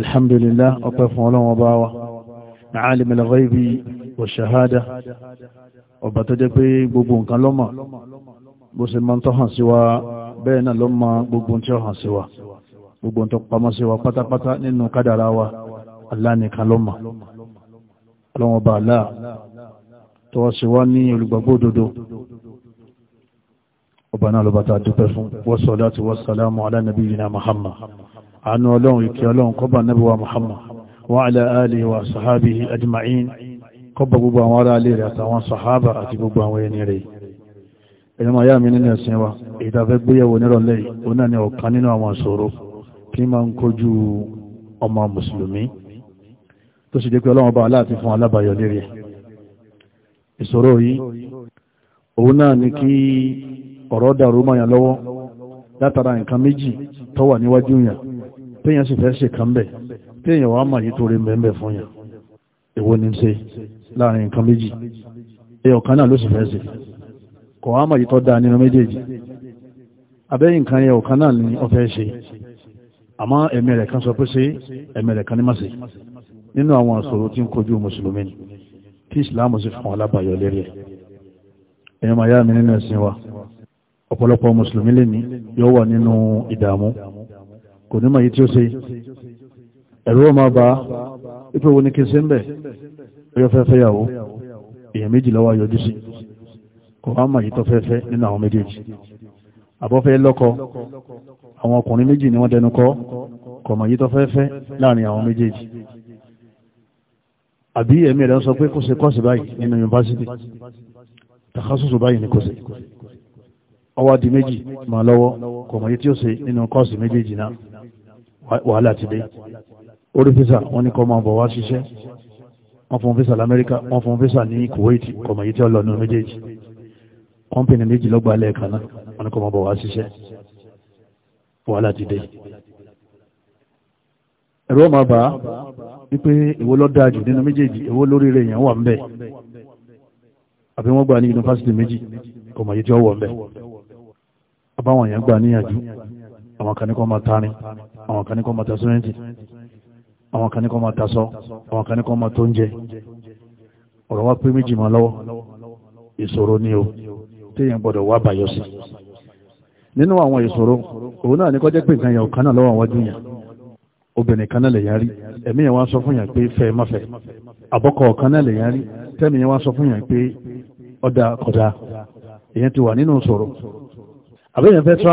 alhamdulillah ọpẹ́ fún ọlọ́wọ́n bá wa alim al-ghaibi wa shahada ọba tó jẹ́ pé gbogbo nǹkan lọ́mọ̀ bó ṣe máa ń tọ́hàn sí wa bẹ́ẹ̀ náà ló mọ gbogbo tí ó hàn sí wa gbogbo tó pamọ́ sí wa pátápátá nínú kádàrá wa Allah nìkan ló bá Allah tó wá sí wa ní olùgbàgbọ́ òdodo ọba náà ló bá ta dúpẹ́ fún wa salatu wa salamu ala nabiyyina Muhammad àánú ọlọ́run ìkẹ́ ọlọ́run kọ́bà nábì wa Muhammad wa sahabi alihi wa sahabihi ajma'in kọ́bà gbogbo àwọn ará alẹ́ rẹ̀ àtàwọn sahaba àti gbogbo àwọn ẹni rẹ̀ ẹ̀yọ́ máa yá mi nínú ẹ̀sìn wa ìdáfẹ́ gbéyàwó ni ọ̀kan nínú àwọn ìṣòro tí ọ̀rọ̀ dàrú lọ́wọ́ látara nǹkan méjì níwájú téèyàn sì fẹ́ ṣe kan bẹ̀ téèyàn wàá mà yìí torí mẹ́mẹ́ fún yàn èwo ni ṣe láàrin nǹkan méjì ẹyọ kan náà ló sì fẹ́ ṣe kọ̀ wàá mà yìí tọ́ da nínú méjèèjì abẹ́yìn nǹkan ẹyọ kan náà ni ó fẹ́ ṣe àmọ́ ẹ̀mí rẹ̀ kan sọ pé ṣe ẹ̀mí rẹ̀ kan ní má ṣe nínú àwọn àṣòro tí ń kojú mùsùlùmí ni tí ìsìláàmù sì fún alábàáyọ lérí ẹ̀ ẹ̀yọ́ màá yá mi nínú ẹ̀sìn wa ọ̀pọ̀lọpọ̀ mùsùlùmí lè ní yóò wà nínú ìdààmú kò ní màá yí tí ó ṣe ẹ̀rù ọmọ bá ipò wo ni kí n ṣe ń bẹ̀ ọyọ́ fẹ́ fẹ́yàwó èèyàn méjì lọ́wọ́ yọjú sí kò wá màá yí tó fẹ́ nínú àwọn méjèèjì àbọ́fẹ́ lọ́kọ àwọn ọkùnrin méjì ni wọ́n dẹnu kọ́ kò màá yí tó fẹ́ fẹ́ láàrin àwọn méjèèjì àbí ẹ̀mí ẹ̀rọ sọ pé kò ṣe kọ́ọ̀sì báyìí nínú yunifásitì takasusu báyìí ni kò ṣe ọwọ́ di méjì màá lọ́wọ́ kò màá yí tí ó ṣe nínú kọ́ọ̀sì méjèèjì náà wàhálà ti dé orí físà wọ́n ní kọ́ máa bọ̀ wá ṣiṣẹ́ wọ́n fún físà lamẹ́ríkà wọ́n fún físà ní Kuwait kọ̀mọ̀ yìí tí ó lọ nínú méjèèjì kọ́mpìnì méjì lọ́gbà lẹ́ẹ̀kan náà wọ́n ní kọ́ máa bọ̀ wá ṣiṣẹ́ wàhálà ti dé ẹ̀rọ ọmọ bá wípé èwo ló dáa jù nínú méjèèjì èwo lórí rẹ̀ èèyàn wà ń bẹ̀ àbí wọ́n gbà ní yunifásitì méjì kọ̀mọ̀ yìí tí ó wọ̀ ń bẹ̀ àbáwọn èèyàn gbà níyànjú àwọn kan ma kọ́ àwọn kan ní kọ́ ma àwọn kan ní kọ́ àwọn tó ń jẹ ọ̀rọ̀ wá pé méjì máa lọ́wọ́ ìṣòro ni o téèyàn gbọ́dọ̀ wá bàyọ̀ sí nínú àwọn ìṣòro òun náà ní kọ́ pé nǹkan yẹn kan náà lọ́wọ́ àwọn dúnyà obìnrin kan náà lè yàn ẹ̀mí yẹn sọ fún yàn pé fẹ́ má fẹ́ kan náà lè tẹ́mi yẹn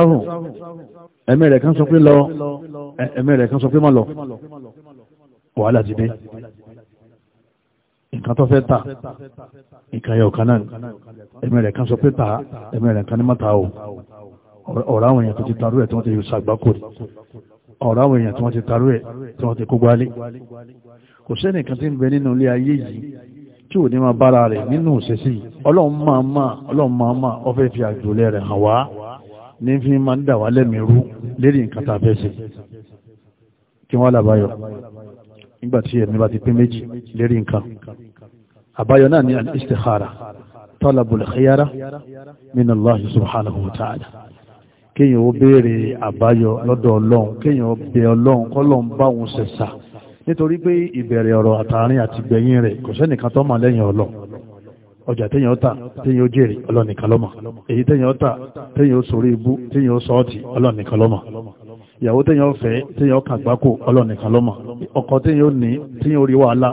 wá ẹ̀mí rẹ̀ kan sọ pé lọ ẹ̀mí rẹ̀ kan sọ pé má lọ wàhálà ti dé nǹkan tó fẹ́ tà nǹkan yẹ ọ̀kan náà ẹ̀mí rẹ̀ kan sọ pé tà ẹ̀mí rẹ̀ kan ní má tà o ọ̀rọ̀ àwọn èèyàn tó ti tarú ẹ̀ tí wọ́n ti yọ sàgbákò rí ọ̀rọ̀ àwọn èèyàn tí wọ́n ti tarú ẹ̀ tí wọ́n ti kó gbálé kò sẹ́nì kan tí ń bẹ nínú ilé ayé yìí tí ò ní máa bára rẹ̀ nínú òṣèṣì ọlọ́run máa máa ọlọ́run máa máa ọ ní fi máa ń dà wá lẹ́mìírú lérí nǹkan tá a fẹ́ ṣe kí wọ́n làbáyọ nígbà ẹ̀mí bá ti pín méjì lérí nǹkan àbáyọ náà ní al-istikhara talabul khiyara Allah subhanahu wa ta'ala kéèyàn ó béèrè àbáyọ lọ́dọ̀ ọlọ́run kéèyàn ó bẹ ọlọ́run kọ́lọ́run báwọn ṣẹ̀ṣà nítorí pé ìbẹ̀rẹ̀ ọ̀rọ̀ àtàrin àti gbẹ̀yìn rẹ̀ kò sẹ́nìkan tó mọ̀ lẹ́yìn ọlọ́run ọjà téèyàn ta téèyàn ó jèrè èyí téèyàn ta téèyàn ó ibú téèyàn ó sọ́ọ̀tì ọlọ́nìkan ìyàwó téèyàn fẹ, téèyàn ó kàgbákò ọkọ téèyàn ní téèyàn wàhálà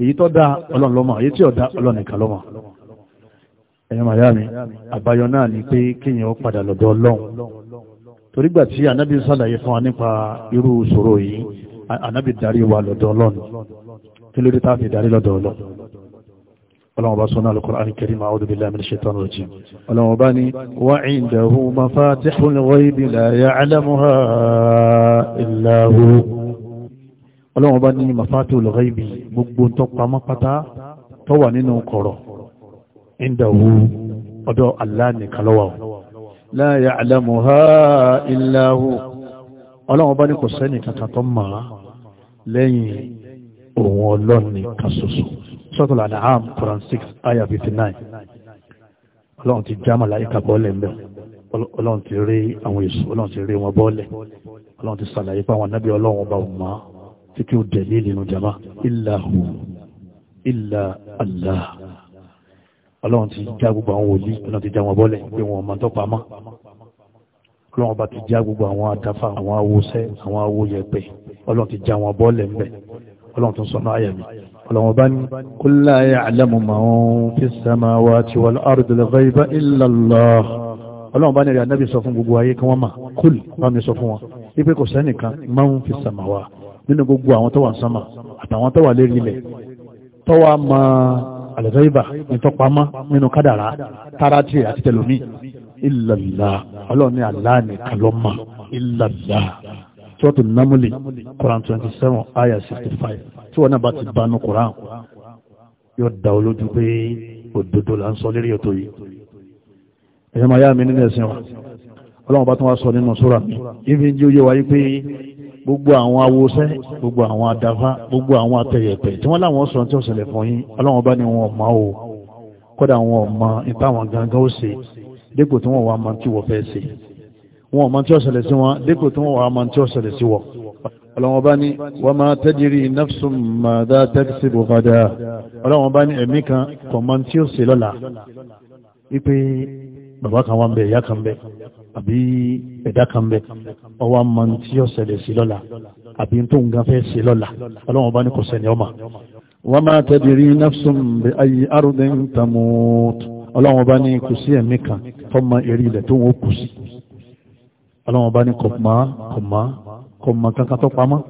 èyí tó èyí tí mi àbáyọ náà ni pé kéèyàn padà lọ́dọ̀ ọlọ́run torí gbà tí sàlàyé fún wa nípa irú yìí darí wa lọ́dọ̀ ọlọ́run kí fi darí ọlọ́wọ́n bá sọ́nà al-Qur'an al-Karim a'udhu billahi minash shaitani rajim ọlọ́wọ́n bá ní wa 'indahu mafatihul ghaybi la ya'lamuha illa hu ọlọ́wọ́n bá ní mafatihul ghaybi gbogbo tó pamọ́ pátá tó wà nínú kọ̀rọ̀ indahu ọ̀dọ̀ Allah nìkan ló wà la bá ní kò sẹ́nì kankan tó mọ̀ lẹ́yìn òun ọlọ́ni kan ṣoṣo sọ́tọ̀lá àdáhàm Quran 6 ayah 59 ọlọ́run ti já màláìka bọ́ọ̀lẹ̀ mẹ́ ọlọ́run ti rí àwọn èso ọlọ́run ti rí wọn bọ́ọ̀lẹ̀ ọlọ́run ti sàlàyé pé àwọn anábì ọlọ́run ọba ọmọ tí kí ó dẹ̀lé nínú jama ìlàhù ìlà àlá ọlọ́run ti já gbogbo àwọn wòlíì ọlọ́run ti já wọn bọ́ọ̀lẹ̀ pé wọn ọmọ tó pamọ́ ọlọ́run ọba ti já gbogbo àwọn adáfà àwọn awosẹ́ àwọn awoyẹpẹ ọlọ́run ti já wọn bọ́ọ̀lẹ̀ mẹ́ ọlọ́run tó sọ náà ayà mi ọlọ́run bá ní qul la ya'lamu man fis samawati wal ardi al-ghayba illa Allah ọlọ́run bá ní ẹ̀rẹ́ anábì sọ fún gbogbo ayé kí wọ́n mà kúl bá mi sọ fún wọn wípé kò sẹ́nìkan man fis samawa nínú gbogbo àwọn tó wà sánmà àtàwọn tó wà lérí ilẹ̀ tó wà ma al-ghayba nítọ́pamọ́ nínú kádàrá tára tí àti tẹlomi illa ọlọ́run ní Allah nìkan ló mà illa sọ́tù námúlì Quran 27 ayah 65 tí wọ́n náà bá ti bánú Quran yóò dá olójú pé òdodo là ń sọ lérí ètò yìí ẹ̀yẹ́ máa yá mi nínú ẹ̀sìn wa ọlọ́run bá tún wá sọ nínú sóra mi ibi ń jẹ́ oyé wáyé pé gbogbo àwọn awosẹ́ gbogbo àwọn adáfá gbogbo àwọn atẹ̀yẹ̀pẹ̀ tí wọ́n láwọn sọ tí ó ṣẹlẹ̀ fún yín ọlọ́run bá ní wọn ọ̀ma o kódà wọn ọ̀ma ìtàwọn gangan ó ṣe dípò tí wọ́n wá máa tí wọ́n fẹ́ ṣe wọn ọmọ tí ó ṣẹlẹ̀ sí wọn dípò tí wọ́n wà ọmọ tí ó ṣẹlẹ̀ sí wọ ọlọ́wọ́n bá ní wa ma tajri nafsun ma da taksibu gada ọlọ́wọ́n bá ní ẹ̀mí kan kọ̀ mọ́ tí ó ṣe lọ́la wípé bàbá kan wà ń bẹ ìyá kan bẹ àbí ẹ̀dá kan bẹ ọwọ́ mọ́ tí ó ṣẹlẹ̀ sí lọ́la àbí tó ń gan fẹ́ ṣe lọ́la ọlọ́wọ́n bá ní kò sẹ́ni ọmọ wa ma tajri nafsun bi ayi ardin tamut ọlọ́wọ́n bá ní kò ẹ̀mí kan fọ́mọ eré ilẹ̀ tó ń kù sí ọlọ́wọ́n bá ní kọ̀má kọ̀má kọ̀má kankan tó pamọ́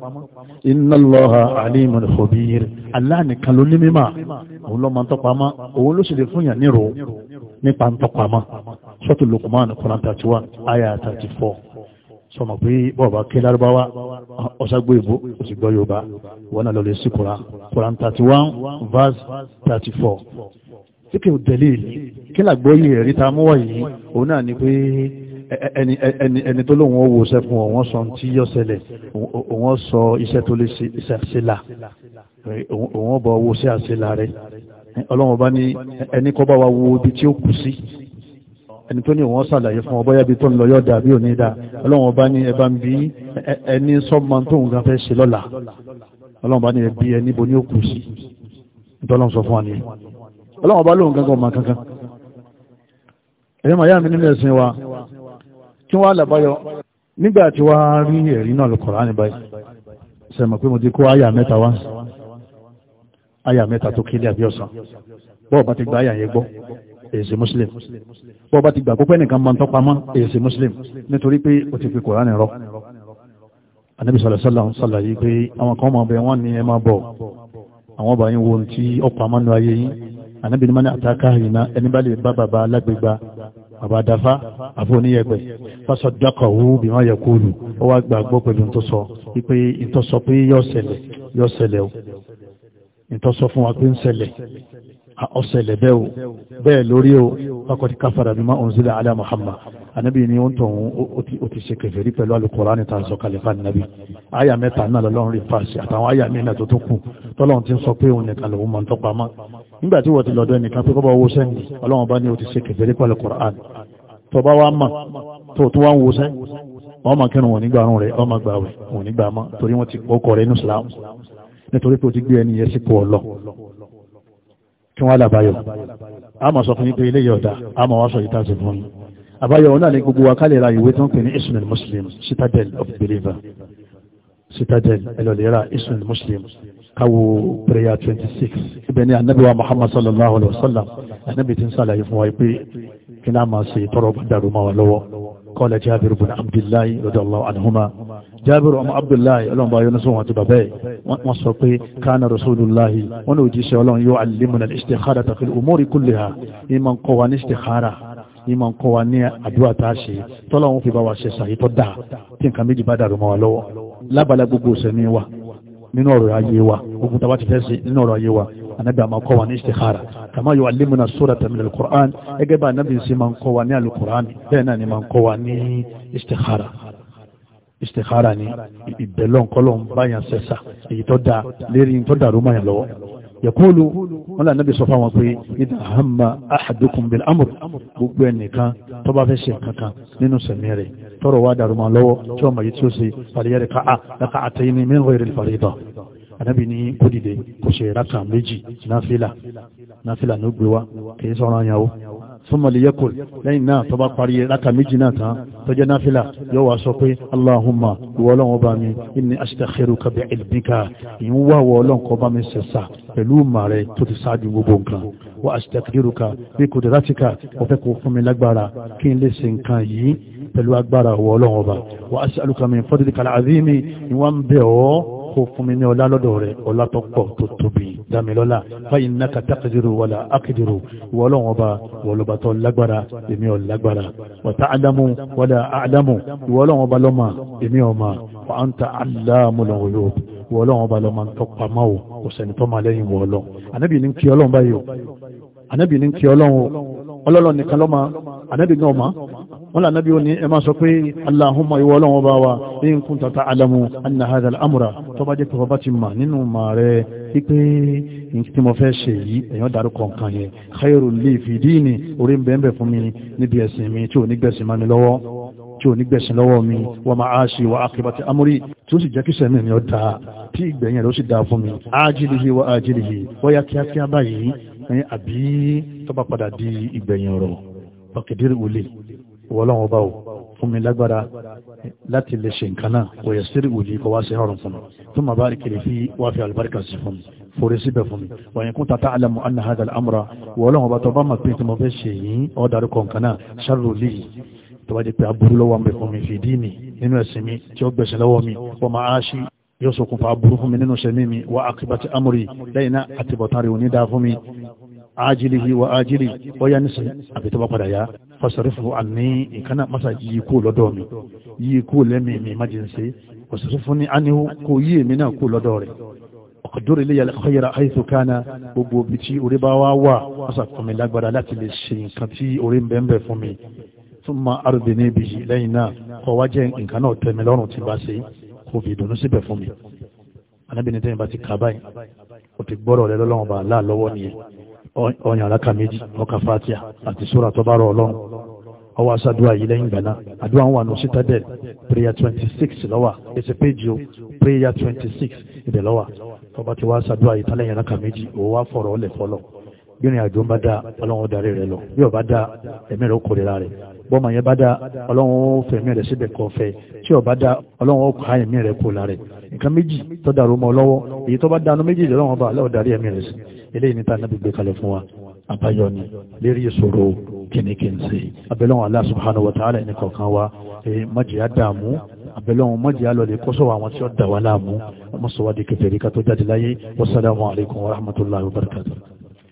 inna Allaha alimun khabir Allah nìkan ló ní mímà òun lọ́mọ tó pamọ́ òun ló sì lè fún yàn nírò nípa ń tó pamọ́ sọ́tù Luqman Quran thirty one ayah thirty four sọmọ pé bọ́ọ̀bá kí lárúbáwá ọ̀ṣàgbó ìbò òsì gbọ́ yorùbá wọn náà lọ́lẹ̀ sí Quran Quran thirty one verse tí kò tẹ̀lé ìlú kí làgbọ́ yìí ẹ̀rí ta mú wáyé òun náà ni pé ẹni tó lóun ó wo iṣẹ́ fún òun sọ tí yọ ṣẹlẹ̀ òun sọ iṣẹ́ tó lè ṣe àṣìlá òun bọ̀ wo iṣẹ́ àṣìlá rẹ̀ ọlọ́run bá ní ẹni kọ́ bá wa wo ibi tí ó kù sí ẹni tó ní òun ṣàlàyé fún ọbọ̀ yàbí tó ń lọ yọ̀dà bí ò ní dá ọlọ́run bá ní ẹbá ń bí ẹni sọ́mọ tó ń gan fẹ́ ṣe lọ́la ọlọ́run bá ní ẹbí ẹni bo ní ó kù sí ìtọ́lọ́run sọ fún wa nìyẹn ọlọ́run bá lóun gangan ọmọ kankan ẹ̀yẹ́ yá mi nínú ẹ̀sìn wa kí wọ́n làbáyọ nígbà tí wọ́n rí ẹ̀rí náà lọ́kọ̀ọ́rọ̀ ní báyìí sẹ́mọ̀ pé mo ti kó àyà mẹ́ta wá àyà mẹ́ta tó kéde àbí ọ̀sán bọ́ọ̀ bá ti gba àyà yẹn gbọ́ èsì muslim bọ́ọ̀ bá ti gbà púpẹ́ nìkan máa ń tọ́pamọ́ èsì muslim nítorí pé o ti fi kòránì rọ anábì sọ̀rọ̀ sọ́lá ń sọ̀lá yìí pé àwọn kan máa bẹ wọ́n ní ẹ máa bọ̀ àwọn ọba yín wo ti ọ̀pọ̀ amánú ayé yín anábì ní mọ́ni àtàkà yìí ná ẹni bá lè bá bàbá alágbègbà àbádáfá àfóníyẹ̀pẹ̀ fásọ dákọ̀wó bí wọ́n yẹ kó lù ó wá gbàgbọ́ pẹ̀lú ìtọ́sọ wípé ìtọ́sọ pé yọ́ ṣẹlẹ̀ yọ́ ṣẹlẹ̀ o ìtọ́sọ fún wa pé ń ṣẹlẹ̀ ọ̀sẹ̀lẹ̀ bẹ́ẹ̀ o bẹ́ẹ̀ lórí o fakọ̀tí káfàdà bí máa ń sílẹ̀ alẹ́ Muhammad anábì ni ó ń tọ̀hún ó ti ṣe kẹfẹ́rí pẹ̀lú alukọ̀ránì tá a sọ kalẹ̀ fún anábì àyà mẹ́ta náà lọ́lọ́run rí fàṣẹ àtàwọn àyà mí náà tó tó kù tọ́lọ́run ti ń sọ pé òun nìkan lòun máa ń tọ́pa mọ́ nígbà tí wọ́n ti lọ́dọ̀ ẹni yẹn kí wọ́n làbáyọ̀ a máa sọ fún yín pé ilé yọ̀ọ̀dá a máa wá sọ yìí tàṣẹ fún yín àbáyọ̀ wọn náà ní gbogbo akálẹ̀ ra ìwé tó ń pè ní ismail muslim citadel of believer citadel ẹlọ́lẹ́ra ismail muslim káwo prayer twenty ibẹ̀ ni anabi muhammad sallallahu alayhi wa sallam anabi ti ń sàlàyé fún wa pé kí náà máa ṣe tọrọ bá máa wà lọ́wọ́ kọ́lẹ̀ jábìrì bùnà abdullahi radiyallahu anhuma jabiru ọmọ abdullahi ọlọ́run bá yọ́nà sọ́wọ́n àti bàbá ẹ̀ wọ́n sọ pé kánà rasulullahi wọ́n ní òjíṣẹ́ ọlọ́run yóò alimuna istikhara tafi umori kulliha ìmọ̀ nkọ́ wa ní istikhara ìmọ̀ nkọ́ wa ní àdúrà tá a ṣe tọ́lọ́run fi bá wa ṣe sàyí tó dáa tí nǹkan méjì bá dàrú mọ́ wa lọ́wọ́ lábàlá gbogbo sẹ́mi wa nínú ọ̀rọ̀ ayé wa gbogbo tàbá ti fẹ́ sí nínú ọ̀rọ̀ ayé wa anabi àmà kọ́ wa ní istikhara kama yóò alimuna surata min al ẹgẹ́ bá anabi sí máa ń kọ́ wa ní al bẹ́ẹ̀ náà ni máa ń kọ́ wa ní istikhara istikhara ni ìbẹ̀lọ́ nkọ́lọ́ ń bá yàn sẹ́sà èyí tó da lérí tó dàrú mọ́ yàn lọ́wọ́ yaqulu wọn là nàbí sọ fáwọn pé idha hamma ahadukum bil amr gbogbo ẹnìkan tó bá fẹ́ ṣe kankan nínú sẹ̀mí rẹ̀ tọrọ wá dàrú mọ́ lọ́wọ́ tí wọ́n mọ̀yí tí ó ṣe fàlẹ́yẹrẹ káà min ghayri al farida ànábì ní kó dìde kò ṣe rákà méjì náfìlà náfìlà ní wa kì í sọ̀rọ̀ yàn súnmọ̀lì yẹ́kùl lẹ́yìn náà tó bá parí rákà méjì náà tán tó jẹ́ náfílà yóò wá sọ pé aláhùnmá ìwọ́lọ́n ọba mi inni aṣíkàṣẹ́rù kàbí ìlbíkà ìyún wà wọ́ ọlọ́n mi sẹ̀sà pẹ̀lú ìmà tó ti sáájú gbogbo nǹkan wà aṣíkàṣẹ́rù ka bí kò dé láti ka ọ̀fẹ́ kò fún mi lágbára kí n lè ṣe nǹkan yìí pẹ̀lú agbára wọ́ ọlọ́n ọba dàmílọ́lá fáyín náà ka taqdiru wàlà akidiru wọ́lọ́wọ́n bá wọ́lọ́bàtọ́ lágbára èmi ò lágbára wàtá àdámù wàlà àdámù wọ́lọ́wọ́n bá lọ́mà èmi ò mà wà á ń ta àlámùlọ̀ òyò wọ́lọ́wọ́n bá lọ́mà ń tọ́pa máwò kò sẹ́ni tọ́ máa lẹ́yìn wọ́lọ́ ànábì kí ọlọ́run báyìí o ànábì kí ọlọ́run ọlọ́run nìkan lọ́mà ànábì náà mà wọ́n lànà bí ó ní ẹmá sọ pé aláhùnmá ìwọ ọlọ́wọ́ bá wa ní ń kún tàtà alamu anna hadha al'amura tó bá jẹ́ pé bàbá ti mà nínú mà rẹ̀ wípé tí mo fẹ́ ṣe yìí èèyàn dárúkọ nǹkan yẹn khairu li fi dini orí ń bẹ́ẹ̀ fún mi níbi ẹ̀sìn mi tí ò ní gbẹ̀sìn mọ́ mi lọ́wọ́ tí ò ní gbẹ̀sìn lọ́wọ́ mi wa ma'ashi amúrí tí ó sì jẹ́ kí sẹ́mi mi dáa tí ìgbẹ̀yìn rẹ̀ sì dáa fún mi ajilihi wa ajilihi wọ́yá kíákíá báyìí àbí tó padà di ìgbẹ̀yìn ọ̀rọ̀ pàkìdírí olè ìwọlọ́wọ́ bá o fún mi lágbára láti lè ṣe nǹkan náà kò yẹ sírí òjì kọ wá sí ọrùn fún mi tó máa bá rí kiri fi wá fi àlùbáríkà sí fún mi forí síbẹ̀ fún mi wọ̀nyí kún tata alamu anna hada al'amura ìwọlọ́wọ́ bá tọ́ bá máa pín tí mo fẹ́ ṣe yìí ọ́ darúkọ náà ṣàrò lè tó bá jẹ́ pé aburú lọ́wọ́ ń fún mi fìdí mi nínú ẹ̀sìn mi tí ó gbẹ̀sẹ̀ lọ́wọ́ mi wọ́n máa ṣí yóò sokùnfà aburú fún mi nínú ṣẹ́mi mi wá àkíbàtì amúrí lẹ́yìn náà àtibọ̀tán rí ajilihi wa ajili bóyá nísìn àbí tó bá padà yá fasarifu àní ìkànnà masa yìí kú lọ́dọ̀ mi yìí kú lẹ́mí mi má jẹ́ fasarifu ní anihu kò yí èmi náà kú lọ́dọ̀ rẹ̀ ọ̀kadúrò ilé yàrá ọ̀yẹ́ra àìsàn kánà gbogbo ibi tí orí bá wá wà masa fún mi lágbára láti lè ṣe nǹkan tí orí ń bẹ́ẹ̀ bẹ́ẹ̀ fún mi tún ma arúgbó níbi yìí lẹ́yìn náà kọ́ wá jẹ́ nǹkan náà tẹ̀mí lọ́rùn tí bá ṣe kò fi ìdùnnú síbẹ̀ fún mi anábìnrin ti kà báyìí ti gbọ́rọ̀ rẹ lọ́wọ́ bá a láà lọ́wọ́ ọ̀yàn aláka méjì ọkà fatia àti sóra tó bá rọ ọlọ́run ọwọ́ aṣáàdúrà yìí lẹ́yìn ìgbà àdúrà ń wà ní citadel prayer twenty six lọ́wà èsì péjì o prayer twenty six ibẹ̀ lọ́wà tọ́ba ti wá aṣáàdúrà yìí tálẹ̀yìn aláka méjì òun wá fọ̀rọ̀ ọlẹ̀ fọlọ́ bí ìrìn àjò bá dá ọlọ́run darí rẹ lọ bí ọba dá ẹ̀mí rẹ kò rira rẹ bọ́mọ yẹn bá dá ọlọ́run fẹ̀mí rẹ síbẹ̀ kọ́ fẹ́ tí ọba dá ọlọ́run kọ́ ẹ̀mí rẹ kò la rẹ nǹkan méjì tó dàrú mọ́ lọ́wọ́ èyí tó bá dánú méjì lọ́wọ́ bá aláwọ̀ darí ẹ̀mí rẹ̀ sí eléyìí níta náà gbé kalẹ̀ fún wa àbáyọ ni lérí ìṣòro kìnnìkìnnì abẹ́lẹ́wọ̀n Allah subhanahu wa ta'ala ẹni kọ̀ọ̀kan wa májìá dààmú abẹ́lẹ́wọ̀n májìá lọ lè kọ́sọ̀ àwọn tí ó dà wá láàmú ọmọ sọ̀wádìí kẹfẹ́ríkà tó jáde láyé wassalamu alaikum warahmatullahi wabarakatuh